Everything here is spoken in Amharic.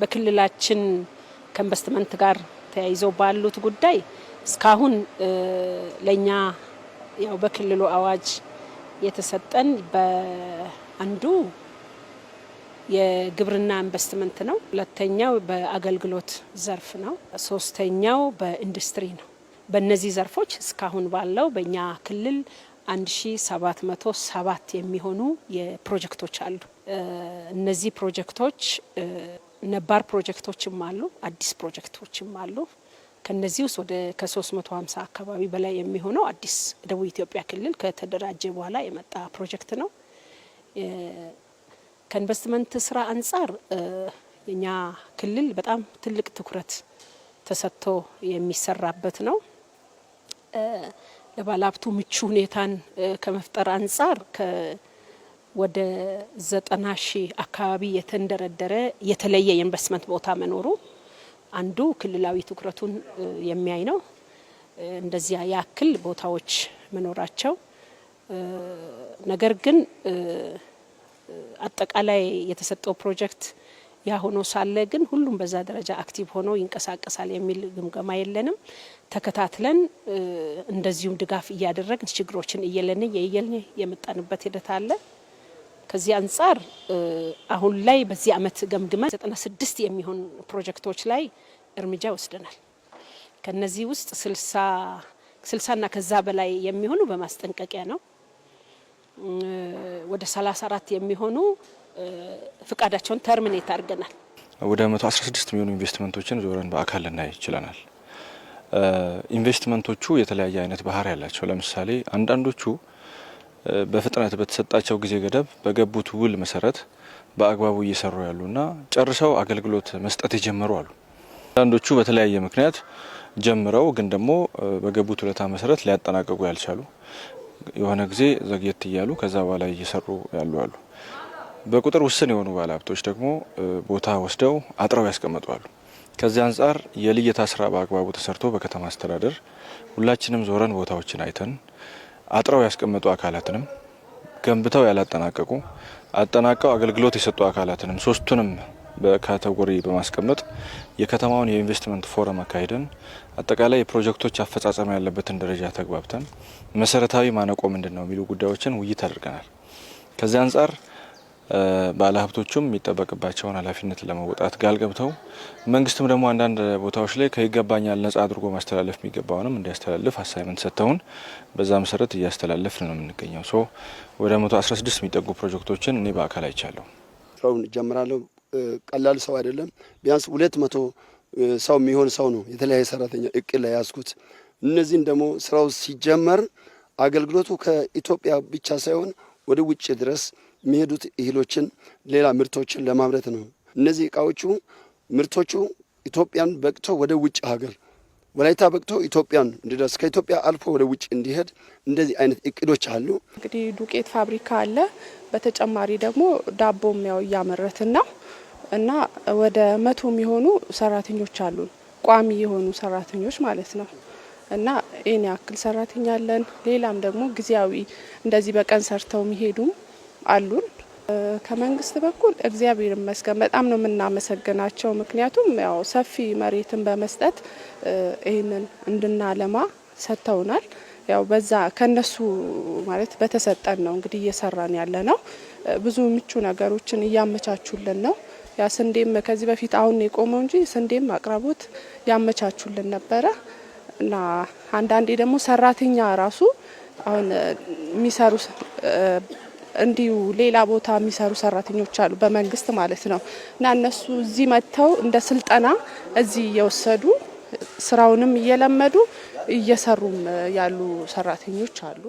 በክልላችን ከኢንቨስትመንት ጋር ተያይዘው ባሉት ጉዳይ እስካሁን ለእኛ ያው በክልሉ አዋጅ የተሰጠን በአንዱ የግብርና ኢንቨስትመንት ነው። ሁለተኛው በአገልግሎት ዘርፍ ነው። ሶስተኛው በኢንዱስትሪ ነው። በእነዚህ ዘርፎች እስካሁን ባለው በእኛ ክልል 1707 የሚሆኑ የፕሮጀክቶች አሉ። እነዚህ ፕሮጀክቶች ነባር ፕሮጀክቶችም አሉ፣ አዲስ ፕሮጀክቶችም አሉ። ከነዚህ ውስጥ ወደ ከ350 አካባቢ በላይ የሚሆነው አዲስ ደቡብ ኢትዮጵያ ክልል ከተደራጀ በኋላ የመጣ ፕሮጀክት ነው። ከኢንቨስትመንት ስራ አንጻር የኛ ክልል በጣም ትልቅ ትኩረት ተሰጥቶ የሚሰራበት ነው። ለባለሀብቱ ምቹ ሁኔታን ከመፍጠር አንጻር ወደ ዘጠና ሺህ አካባቢ የተንደረደረ የተለየ የኢንቨስትመንት ቦታ መኖሩ አንዱ ክልላዊ ትኩረቱን የሚያይ ነው። እንደዚያ ያክል ቦታዎች መኖራቸው ነገር ግን አጠቃላይ የተሰጠው ፕሮጀክት ያ ሆኖ ሳለ ግን ሁሉም በዛ ደረጃ አክቲቭ ሆኖ ይንቀሳቀሳል የሚል ግምገማ የለንም። ተከታትለን እንደዚሁም ድጋፍ እያደረግን ችግሮችን እየለን የየልን የመጣንበት ሂደት አለ። ከዚህ አንጻር አሁን ላይ በዚህ አመት ገምግመን 96 የሚሆን ፕሮጀክቶች ላይ እርምጃ ወስደናል። ከነዚህ ውስጥ 60ና ከዛ በላይ የሚሆኑ በማስጠንቀቂያ ነው። ወደ 34 የሚሆኑ ፍቃዳቸውን ተርሚኔት አድርገናል። ወደ 116 የሚሆኑ ኢንቨስትመንቶችን ዞረን በአካል ልናይ ይችለናል። ኢንቨስትመንቶቹ የተለያየ አይነት ባህሪ ያላቸው ለምሳሌ አንዳንዶቹ በፍጥነት በተሰጣቸው ጊዜ ገደብ በገቡት ውል መሰረት በአግባቡ እየሰሩ ያሉና ጨርሰው አገልግሎት መስጠት የጀመሩ አሉ። አንዳንዶቹ በተለያየ ምክንያት ጀምረው ግን ደግሞ በገቡት ውለታ መሰረት ሊያጠናቀቁ ያልቻሉ የሆነ ጊዜ ዘግየት እያሉ ከዛ በኋላ እየሰሩ ያሉ አሉ። በቁጥር ውስን የሆኑ ባለሀብቶች ደግሞ ቦታ ወስደው አጥረው ያስቀመጡ አሉ። ከዚህ አንጻር የልየታ ስራ በአግባቡ ተሰርቶ በከተማ አስተዳደር ሁላችንም ዞረን ቦታዎችን አይተን አጥረው ያስቀመጡ አካላትንም ገንብተው ያላጠናቀቁ አጠናቀው አገልግሎት የሰጡ አካላትንም ሶስቱንም በካተጎሪ በማስቀመጥ የከተማውን የኢንቨስትመንት ፎረም አካሂደን አጠቃላይ የፕሮጀክቶች አፈጻጸም ያለበትን ደረጃ ተግባብተን መሰረታዊ ማነቆ ምንድን ነው የሚሉ ጉዳዮችን ውይይት አድርገናል። ከዚህ አንጻር ባለሀብቶቹም የሚጠበቅባቸውን ኃላፊነት ለመወጣት ጋል ገብተው መንግስትም ደግሞ አንዳንድ ቦታዎች ላይ ከይገባኛል ነጻ አድርጎ ማስተላለፍ የሚገባውንም እንዲያስተላልፍ አሳይመንት ሰጥተውን በዛ መሰረት እያስተላለፍ ነው የምንገኘው። ሶ ወደ 116 የሚጠጉ ፕሮጀክቶችን እኔ በአካል አይቻለሁ። ስራውን እጀምራለሁ። ቀላል ሰው አይደለም። ቢያንስ ሁለት መቶ ሰው የሚሆን ሰው ነው የተለያየ ሰራተኛ እቅድ ላይ ያዝኩት። እነዚህን ደግሞ ስራው ሲጀመር አገልግሎቱ ከኢትዮጵያ ብቻ ሳይሆን ወደ ውጭ ድረስ የሚሄዱት እህሎችን፣ ሌላ ምርቶችን ለማምረት ነው። እነዚህ እቃዎቹ ምርቶቹ ኢትዮጵያን በቅቶ ወደ ውጭ ሀገር ወላይታ በቅቶ ኢትዮጵያን እንዲደርስ ከኢትዮጵያ አልፎ ወደ ውጭ እንዲሄድ እንደዚህ አይነት እቅዶች አሉ። እንግዲህ ዱቄት ፋብሪካ አለ። በተጨማሪ ደግሞ ዳቦም ያው እያመረትን ነው እና ወደ መቶ የሚሆኑ ሰራተኞች አሉን፣ ቋሚ የሆኑ ሰራተኞች ማለት ነው እና ይህን ያክል ሰራተኛ አለን። ሌላም ደግሞ ጊዜያዊ እንደዚህ በቀን ሰርተው የሚሄዱም አሉን። ከመንግስት በኩል እግዚአብሔር ይመስገን በጣም ነው የምናመሰግናቸው። ምክንያቱም ያው ሰፊ መሬትን በመስጠት ይህንን እንድናለማ ሰጥተውናል። ያው በዛ ከነሱ ማለት በተሰጠን ነው እንግዲህ እየሰራን ያለ ነው። ብዙ ምቹ ነገሮችን እያመቻቹልን ነው። ያ ስንዴም ከዚህ በፊት አሁን የቆመው እንጂ ስንዴም አቅራቦት ያመቻቹልን ነበረ እና አንዳንዴ ደግሞ ሰራተኛ ራሱ አሁን የሚሰሩ እንዲሁ ሌላ ቦታ የሚሰሩ ሰራተኞች አሉ፣ በመንግስት ማለት ነው። እና እነሱ እዚህ መጥተው እንደ ስልጠና እዚህ እየወሰዱ ስራውንም እየለመዱ እየሰሩም ያሉ ሰራተኞች አሉ።